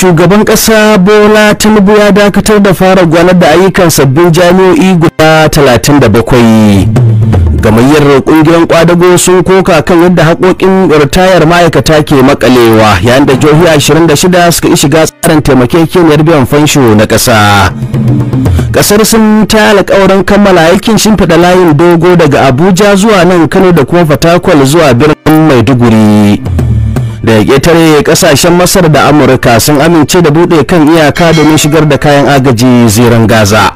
shugaban ƙasa bola tinubu ya dakatar da fara gwanar da ayyukan sabbin jami'o'i guda 37 gamayyar ƙungiyar kwadago sun koka kan yadda haƙoƙin ritayar ma'aikata ke makalewa yayin da jihohi 26 suka shiga tsarin taimakekeniyar biyan fansho na ƙasa kasar sun ta alƙawarin kammala aikin shimfiɗa layin dogo daga abuja zuwa nan kano da kuma fatakwal zuwa birnin maiduguri da ƙetare ƙasashen masar da amurka sun amince da buɗe kan iyaka domin shigar da kayan agaji ziran gaza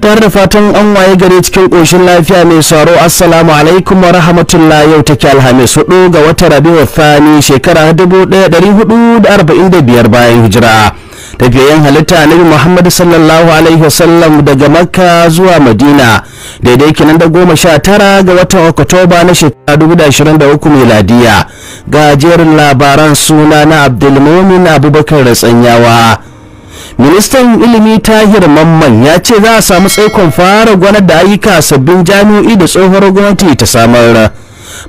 tare da fatan an waye gare cikin ƙoshin lafiya mai sauro assalamu alaikum wa rahmatullah yau take alhamis hudu ga wata rabi wa fani shekara 1445 bayan hijira tafiyayen halitta annabi muhammad sallallahu alaihi wasallam daga makka zuwa madina daidai kinan da goma sha tara ga watan oktoba na shekara dubu da ashirin da uku miladiya ga jerin labaran suna na abdulmumin abubakar da ratsanyawa ministan ilimi tahir mamman ya ce za a samu tsaikon fara gwanar da ayyuka sabbin jami'o'i da tsohuwar gwamnati ta samar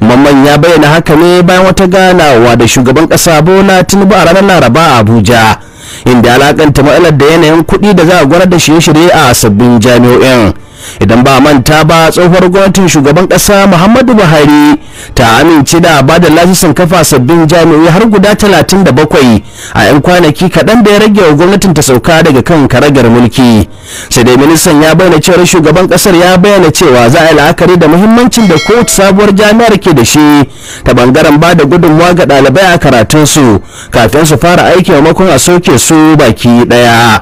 mamman ya bayyana haka ne bayan wata ganawa da shugaban kasa bola tinubu a ranar laraba a abuja inda alakanta matsalar da yanayin kuɗi da za a gwara da shirye-shirye a sabbin jami'o'in idan ba manta ba tsohuwar gwamnatin shugaban kasa muhammadu buhari ta amince da ba da lasisin kafa sabbin jami'o'i har guda talatin da bakwai a 'yan kwanaki kaɗan da ya rage wa gwamnatin ta sauka daga kan karagar mulki sai dai ministan ya bayyana cewar shugaban kasar ya bayyana cewa za a yi la'akari da muhimmancin da kotu sabuwar jami'ar ke da shi ta bangaren ba da gudunmawa ga ɗalibai a karatunsu kafin su fara aiki maimakon a soke su baki ɗaya.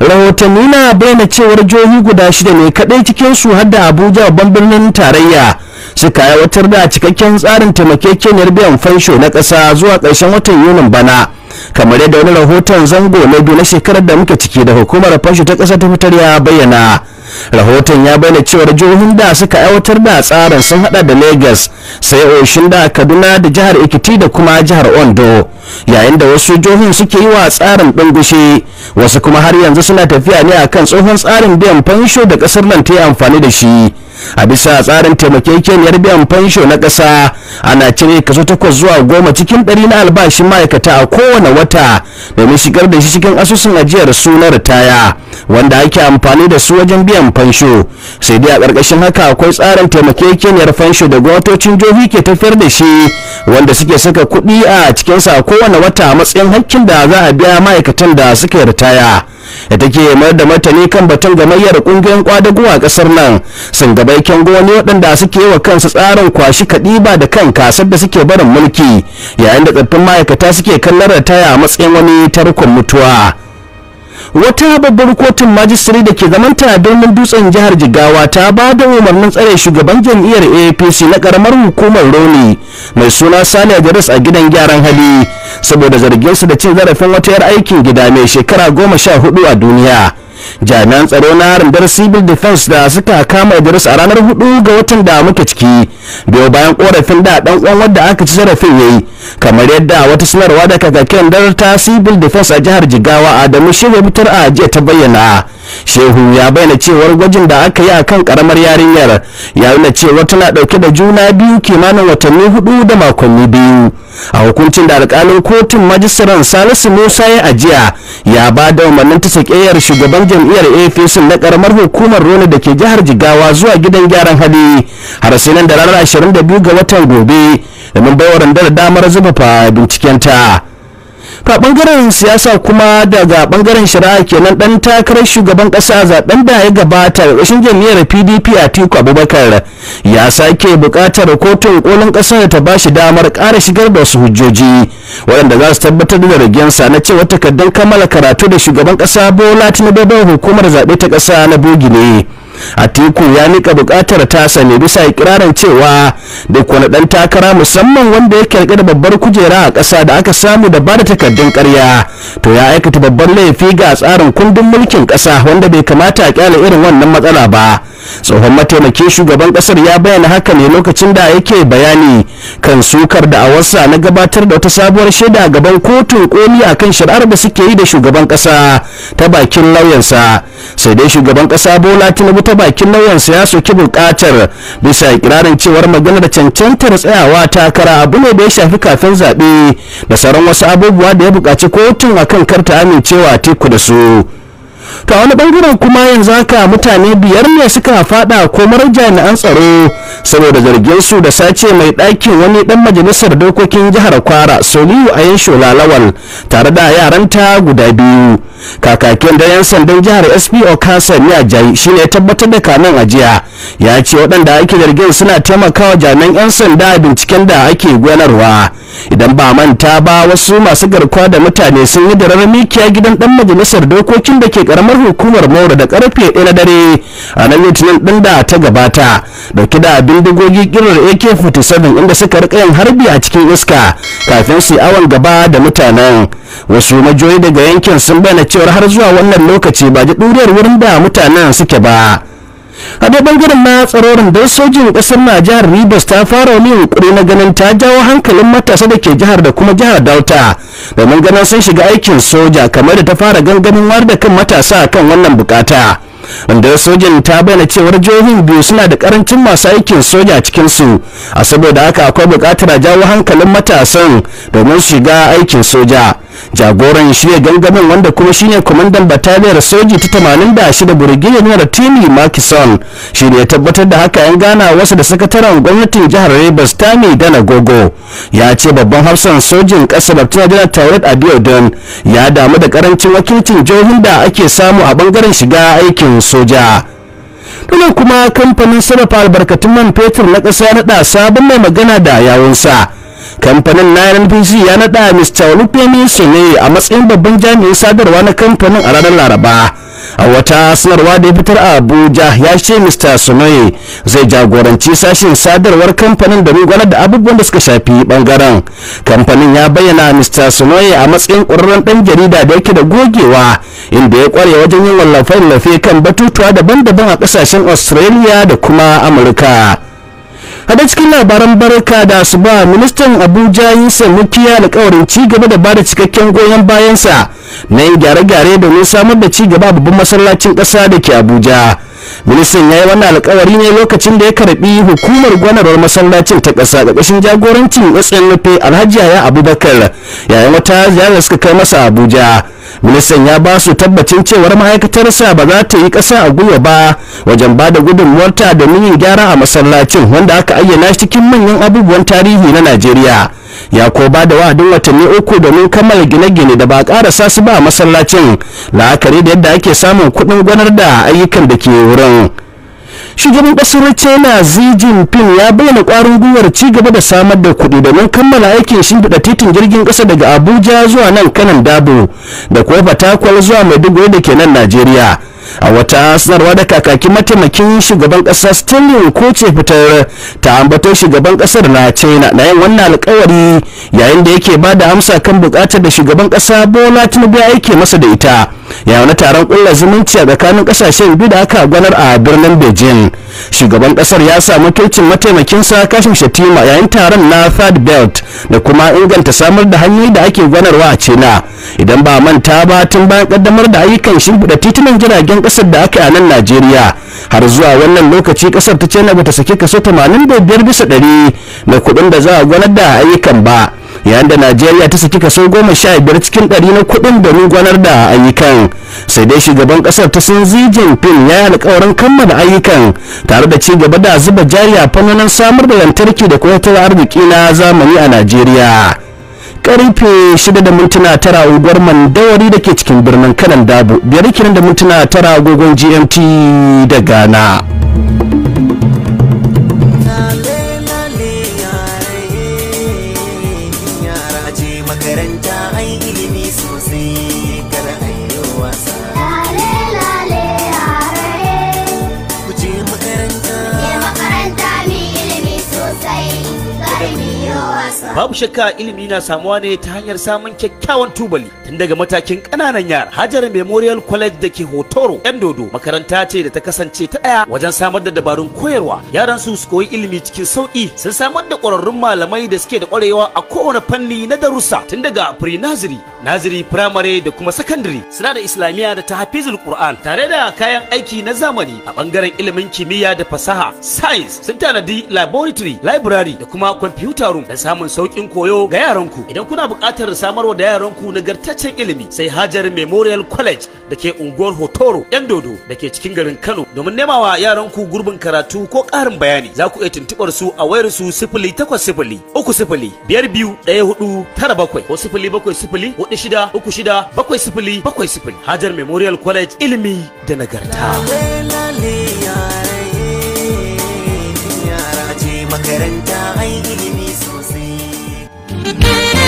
rahotanni na bayyana cewar jihohi guda shida ne kadai cikin su har da abuja babban birnin tarayya suka aiwatar da cikakken tsarin taimakekeniyar biyan fansho na ƙasa zuwa ƙarshen watan yunin bana kamar yadda wani rahoton zango na biyu na shekarar da muke ciki da hukumar fansho ta ƙasa ta fitar ya bayyana rahoton ya bayyana cewar jihohin da suka aiwatar da tsarin sun hada da lagos sai oshin da kaduna da jihar ekiti da kuma jihar ondo yayin da wasu jihohin suke yi wa tsarin dungushe wasu kuma har yanzu suna tafiya ne akan tsohon tsarin biyan fansho da kasar nan ta yi amfani da shi a bisa tsarin taimakekeniyar biyan fansho na ƙasa ana cire kaso takwas zuwa goma cikin ɗari na albashin ma'aikata a kowane wata domin shigar da shi cikin asusun ajiyar su na ritaya wanda ake amfani da su wajen biyan fansho sai dai a ƙarƙashin haka akwai tsarin taimakekeniyar fansho da gwamnatocin jihohi ke tafiyar da shi wanda suke saka kuɗi a cikinsa kowane wata a matsayin hakkin da za a biya ma'aikatan da suke ritaya da take mayar da matani kan batun gamayyar kungiyoyin kwadago a kasar nan sun gabaikin gwani waɗanda suke wa kansu tsarin kwashi kaɗiba da kan kasar da suke barin mulki yayin da tsaffin ma'aikata suke kallon taya a matsayin wani tarkon mutuwa wata babbar kotun majistare da ke zamanta birnin dutsen jihar jigawa ta ba da umarnin tsare shugaban jam'iyyar apc na karamar hukumar roni mai suna sani adres a gidan gyaran hali saboda su da cin zarafin wata yar aikin gida mai shekara goma sha hudu a duniya jami'an tsaro na rundunar civil defense da suka kama idris a ranar hudu ga watan da muke ciki biyo bayan korafin da dan uwan wadda aka ci zarafin yayi kamar yadda wata sanarwa daga kakakken dar ta civil defense a jihar jigawa adamu shehu bitar a jiya ta bayyana shehu ya bayyana cewar gwajin da aka yi a kan karamar yarinyar ya nuna cewa tana dauke da juna biyu kimanin watanni hudu da makonni biyu a hukuncin da alkalin kotun majistaran salisu musa ya ajiya ya ba da umarnin ta sakeyar shugaban jam'iyyar apc na karamar hukumar rona da ke jihar jigawa zuwa gidan gyaran hali har sai nan da ranar 22 ga watan gobe domin baiwa da damar zuba bincikenta to bangaren siyasa kuma daga bangaren shari'a kenan dan takarar shugaban kasa zaben da ya gabata rashin jam'iyyar pdp a tiku abubakar ya sake buƙatar kotun kolin ƙasar ta ba shi damar ƙara shigar da su hujjoji waɗanda za su tabbatar da ragensa na cewa takardar kammala karatu da shugaban ƙasa bola tinubu hukumar zaɓe ta ƙasa na bogi ne atiku ya nika bukatar tasa ne bisa ikirarin cewa duk wani dan takara musamman wanda ya kirkira da babbar kujera a ƙasa da aka samu da bada da takardun ƙarya to ya aikata babban laifi ga tsarin kundin mulkin ƙasa wanda bai kamata a kyale irin wannan matsala ba tsohon mataimakin shugaban kasar ya bayyana haka ne lokacin da yake bayani kan sukar da awarsa na gabatar da wata sabuwar shaida gaban kotun koli a kan shari'ar da suke yi da shugaban kasa ta bakin lauyansa sai dai shugaban kasa bola tinubu ta bakin lauyansa ya soki bukatar bisa ikirarin cewar maganar cancantar tsayawa takara abu ne da ya shafi kafin zaɓe da sauran wasu abubuwa da ya buƙaci kotun akan ta amincewa teku da su to a wani bangaren kuma yanzu haka mutane biyar ne suka fada komar jami'an tsaro saboda zargin su da sace mai ɗakin wani ɗan majalisar dokokin jihar kwara soliyu ayin sholalawal tare da yaran ta guda biyu kakakin da yan sandan jihar sp okasan ya jayi ne tabbatar da kamen ajiya ya ce waɗanda ake zargin suna taimakawa jami'an yan sanda binciken da ake gwanarwa. idan ba manta ba wasu masu garkuwa da mutane sun yi darar mikiya gidan dan majalisar dokokin da ke karamar hukumar maura da karfe 1 na dare a nan litinin din da ta gabata dauke da bindigogi kirar ak-47 inda suka rika yin harbi a cikin iska kafin su awon gaba da mutanen wasu majoyi daga yankin sun bayyana cewar har zuwa wannan lokaci ba ji ɗuriyar wurin da mutanen suke ba a da bangaren na tsarorin don sojin kasar na jihar ribas ta fara wani yunkuri na ganin ta jawo hankalin matasa da ke jihar da kuma jihar dauta domin ganin sun shiga aikin soja kamar da ta fara ganganin war da kan matasa kan wannan bukata wanda sojan ta bayyana cewar jihohin biyu suna da karancin masu aikin soja cikin su a saboda haka akwai buƙatar jawo hankalin matasan domin shiga aikin soja jagoran shirya gangamin wanda kuma shine kwamandan bataliyar soji ta 86 burgiyar nuna timi makison shi ne tabbatar da haka yan gana wasu da sakataren gwamnatin jihar rivers tami dana gogo ya ce babban hafsan sojin ƙasa lafiya janar taurid abiodun ya damu da karancin wakilcin jihohin da ake samu a bangaren shiga aikin soja dole kuma kamfanin sarrafa albarkatun man fetur na ƙasa na naɗa sabon mai magana da yawunsa kamfanin na nnpc ya naɗa mr olufemi sene a matsayin babban jami'in sadarwa na kamfanin a ranar laraba a wata sanarwa da ya fitar a abuja ya ce mr sunoye zai jagoranci sashen sadarwar kamfanin da gudanar da abubuwan da suka shafi bangaren kamfanin ya bayyana mr sunoye a matsayin ƙwararren ɗan jarida da yake da gogewa inda ya ƙware wajen yin wallafe-wallafe kan batutuwa daban-daban a ƙasashen australia da kuma amurka a cikin labaran barka da asuba ministan abuja yi yusa mukiya alkawarin ci gaba da ba da cikakken goyon bayansa na yin gyare-gyare domin samar da ci gaba babban masallacin ƙasa da ke abuja ministan ya yi wannan alkawari ne lokacin da ya karbi hukumar gwanarwar masallacin ta ƙasa ƙarƙashin jagorancin snp alhaji yaya abubakar yayin wata ziyarar suka kai masa abuja ministan ya ba su tabbacin cewar ma'aikatarsa ba za ta yi ƙasa a gwiwa ba wajen ba da gudunmuwarta domin yin gyara a masallacin wanda aka ayyana cikin manyan abubuwan tarihi na najeriya ya ko ba da wa'adin watanni uku domin kammala gine-gine da ba a ƙara sasu ba masallacin la'akari da yadda ake samun kuɗin gwanar da ayyukan da ke wurin shugaban kasar china xi jinping ya bayyana kwarin gwiwar ci gaba da samar da kuɗi domin kammala aikin shimfiɗa titin jirgin ƙasa daga abuja zuwa nan kanan dabo da kuma fatakwal zuwa maiduguri da ke nan najeriya a wata sanarwa da kakakin mataimakin shugaban kasa stanley kuce fitar ta ambato shugaban kasar na china na yin wannan alkawari yayin da yake ba da amsa kan bukatar da shugaban kasa bola tinubu ya aike masa da ita ya wani taron kulla zumunci a tsakanin kasashen biyu da aka gwanar a birnin beijing shugaban kasar ya samu mataimakin mataimakinsa kashin shatima yayin taron na third belt da kuma inganta samar da hanyoyi da ake gwanarwa a cina idan ba manta ba tun bayan kaddamar da ayyukan shimfiɗa titunan jiragen kasar da aka yi a nan najeriya har zuwa wannan lokaci kasar ta cina bata saki kaso 85 bisa 100 na kuɗin da za a gwanar da ayyukan ba yayin da najeriya ta saki kaso goma sha biyar cikin ɗari na kuɗin da gwanar da ayyukan sai dai shugaban ƙasar ta sun xi jinping ya yi alƙawarin kammala ayyukan tare da ci gaba da zuba jari a fannin samar da lantarki da kuma ta arziki na zamani a najeriya karfe 6 da mintuna tara unguwar mandawari da ke cikin birnin kanan dabu biyar kiran da mintuna tara agogon gmt da ghana babu shakka ilimi na samuwa ne ta hanyar samun kyakkyawan tubali tun daga matakin ƙananan yara hajar memorial college da ke hotoro yan dodo makaranta ce da ta kasance ta ɗaya wajen samar da dabarun koyarwa yaran su su koyi ilimi cikin sauƙi sun samar da ƙwararrun malamai da suke da ƙwarewa a kowane fanni na darussa tun daga pre naziri naziri primary da kuma secondary suna da islamiyya da ta hafizul qur'an tare da kayan aiki na zamani a bangaren ilimin kimiyya da fasaha science sun tanadi laboratory library da kuma computer room da samun sauƙi shauƙin koyo ga yaranku idan kuna buƙatar samarwa da yaranku nagartaccen ilimi sai Hajar Memorial College da ke unguwar Hotoro yan dodo da ke cikin garin Kano domin nemawa yaranku gurbin karatu ko ƙarin bayani za ku iya tuntuɓar su a wayar su sifili takwas sifili uku sifili biyar biyu ɗaya hudu tara bakwai ko sifili bakwai sifili hudu shida uku shida bakwai sifili bakwai sifili Hajar Memorial College ilimi da nagarta. Makaranta Thank you.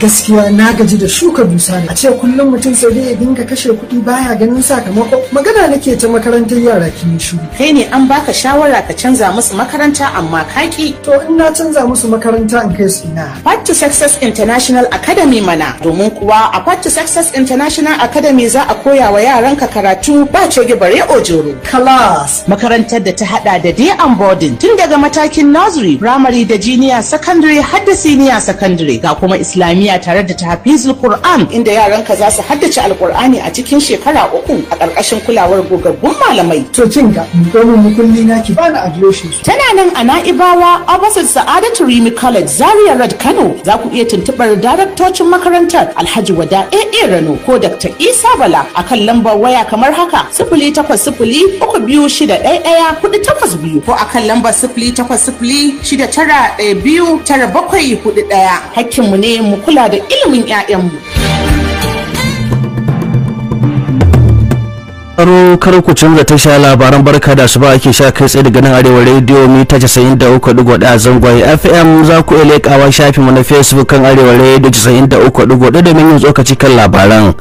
gaskiya na gaji da shuka dusa ne a ce kullum mutum sai dai ya dinga kashe kuɗi baya ganin sakamako magana nake ta makarantar yara kin shuru kai ne an baka shawara ka canza musu makaranta amma kaki to in na canza musu makaranta in kai su ina Path to Success International Academy mana domin kuwa a Path to Success International Academy za a koya wa yaranka karatu ba ce bare ojoro class makarantar da ta hada da day and boarding tun daga matakin nursery primary da junior secondary har da senior secondary ga kuma islamiyya tare da tafizul qur'an inda yaranka za su haddace alqur'ani a cikin shekara uku a ƙarƙashin kulawar gogaggun malamai to cin ga domin kulli na ki bani tana nan a na'ibawa opposite sa'adatu rimi college zaria road kano za ku iya tuntuɓar daraktocin makarantar alhaji wada aa rano ko dr isa bala akan lambar waya kamar haka sifili takwas sifili uku biyu shida ɗaya ɗaya kuɗi takwas biyu ko akan lambar sifili takwas sifili shida tara ɗaya biyu tara bakwai kuɗi ɗaya hakkinmu ne Eh, mu kula da ilimin 'ya'yanmu. Karo karo ku canza tasha labaran barka da su ba ake sha kai tsaye daga nan arewa rediyo mita 93.1 zangon FM za ku iya leƙawa shafin mu na Facebook kan arewa rediyo da domin yin tsokaci kan labaran.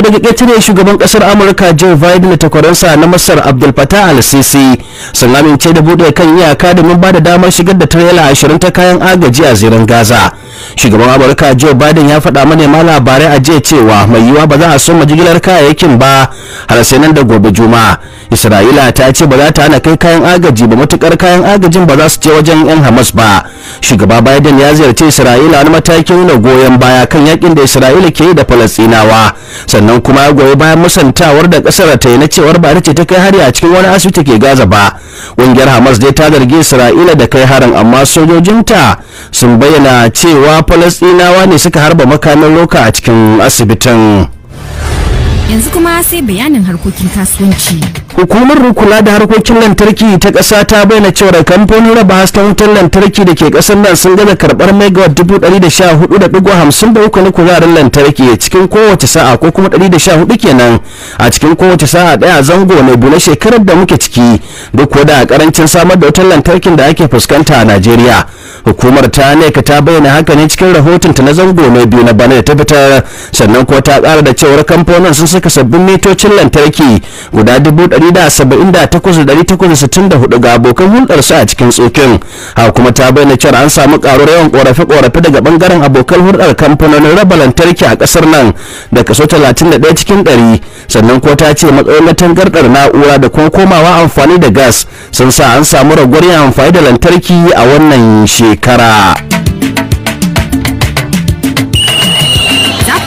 daga ƙetare shugaban ƙasar amurka joe biden da takwaransa na masar abdul fatah al-sisi sun amince da buɗe kan iyaka domin ba da damar shigar da tirela ashirin ta kayan agaji a zirin gaza shugaban amurka joe biden ya faɗa manema labarai a jiya cewa mai yiwuwa ba za a so jigilar kayayyakin ba har sai nan da gobe juma'a isra'ila ta ce ba za ta hana kai kayan agaji ba matukar kayan agajin ba za su je wajen yan hamas ba shugaba biden ya ziyarci isra'ila wani matakin na goyon baya kan yakin da isra'ila ke yi da falastinawa sannan kuma ya goyi bayan musantawar da kasar ta yi na cewar ba ce ta kai hari a cikin wani asibiti ke gaza ba ƙungiyar hamas dai ta zargi isra'ila da kai harin amma sojojinta sun bayyana cewa falasɗinawa ne suka harba makamin loka a cikin asibitin yanzu kuma sai bayanin harkokin kasuwanci hukumar kula da harkokin lantarki ta ƙasa ta bayyana cewa kamfanin raba hasken wutar lantarki da ke ƙasar nan sun gaza karɓar megawatt dubu ɗari da sha hudu da ɗigo hamsin da uku na kuzarin lantarki cikin kowace sa'a ko kuma ɗari da sha hudu kenan a cikin kowace sa'a ɗaya zango na bu na shekarar da muke ciki duk da karancin samar da wutar lantarkin da ake fuskanta a najeriya hukumar ta neka ta bayyana haka ne cikin rahoton ta na zango mai biyu na bana da ta fitar sannan kuma ta ƙara da cewar kamfanin sun saka sabbin mitocin lantarki guda dubu 178,864 ga abokan hulɗarsu a cikin tsokin ha kuma ta bayyana cewa an samu ƙaruwar yawan ƙorafe-ƙorafe daga ɓangaren abokan hulɗar kamfanonin raba lantarki a ƙasar nan da kaso 31 cikin 100 sannan ko ta ce matsayin na tangarɗar na'ura da kuma komawa amfani da gas sun sa an samu ragowar yin amfani da lantarki a wannan shekara.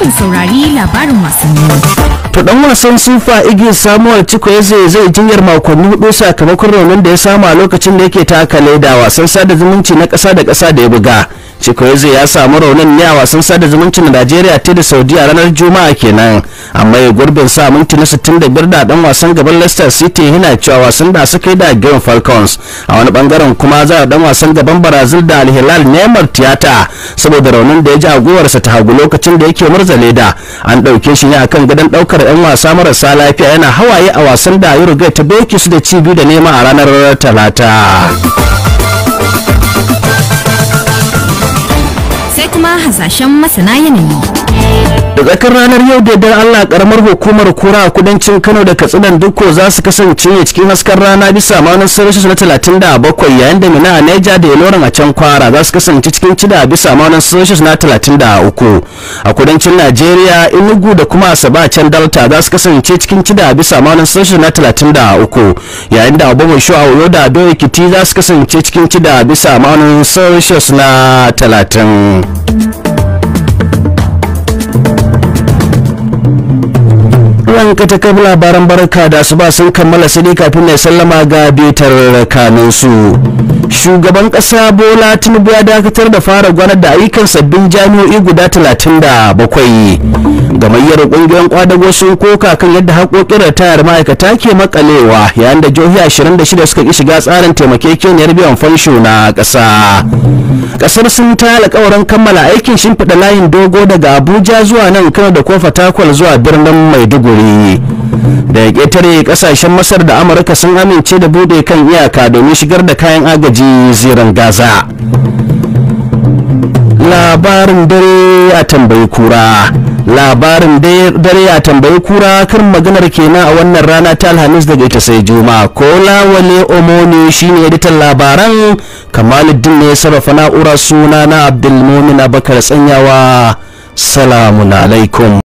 kafin saurari labarin wasanni. to dan wasan sufa igi samuwar ciko ya zai zai jinyar makonni hudu sakamakon raunin da ya samu a lokacin da yake taka leda wasan sada zumunci na kasa da kasa da ya buga Chikwueze ya samu raunin ne a wasan sada na Najeriya ta da Saudiya ranar Juma'a kenan amma ya gurbin sa minti na 65 da dan wasan gaban Leicester City yana cewa wasan da suka yi da Green Falcons a wani bangaren kuma za a dan wasan gaban Brazil da Al Hilal Neymar tiyata saboda raunin da ya ji a sa ta hagu lokacin da yake murzale da an dauke shi ne akan gadon daukar yan wasa marasa lafiya yana hawaye a wasan da Uruguay ta doke su da Chibi da nema a ranar Talata. sai kuma hasashen masana yanayi. daga kan ranar yau da yardar Allah karamar hukumar kura a kudancin Kano da Katsinan Dukko za su kasance ne cikin hasken rana bisa ma'aunin Celsius na 37 yayin da Mina a Neja da Ilorin a can Kwara za su kasance cikin cida bisa ma'aunin Celsius na 33 a kudancin Najeriya Enugu da kuma Asaba a can Delta za su kasance cikin cida bisa ma'aunin Celsius na 33 yayin da Obomo Shu a Oyo da abin Ekiti za su kasance cikin cida bisa ma'aunin Celsius na 30 waɗannan katakar labaran barka da su ba sun kammala sai kafin na sallama ga betar rakanin su shugaban ƙasa bola tinubu ya dakatar da fara gwanar da ayyukan sabbin jami'o'i guda talatin da bakwai. gamayyar kungiyar kwadago sun koka kan yadda haƙoƙin ritayar ma'aikata ke makalewa yayin da jihohi 26 suka ki shiga tsarin taimakekeniyar biyan fansho na ƙasa ƙasar sun ta alƙawarin kammala aikin shimfiɗa layin dogo daga abuja zuwa nan kano da kofa takwal zuwa birnin maiduguri da ƙetare ƙasashen masar da amurka sun amince da bude kan iyaka domin shigar da kayan agaji zirin gaza labarin dare a tambayi kura labarin dare ya tambayi kura kan maganar kenan a wannan rana ta alhamis daga ita sai Juma. ko lawale omoni shine editan labaran kamaluddin ne ya sarrafa na'ura suna na abdulmumin abakar tsanyawa salamun alaikum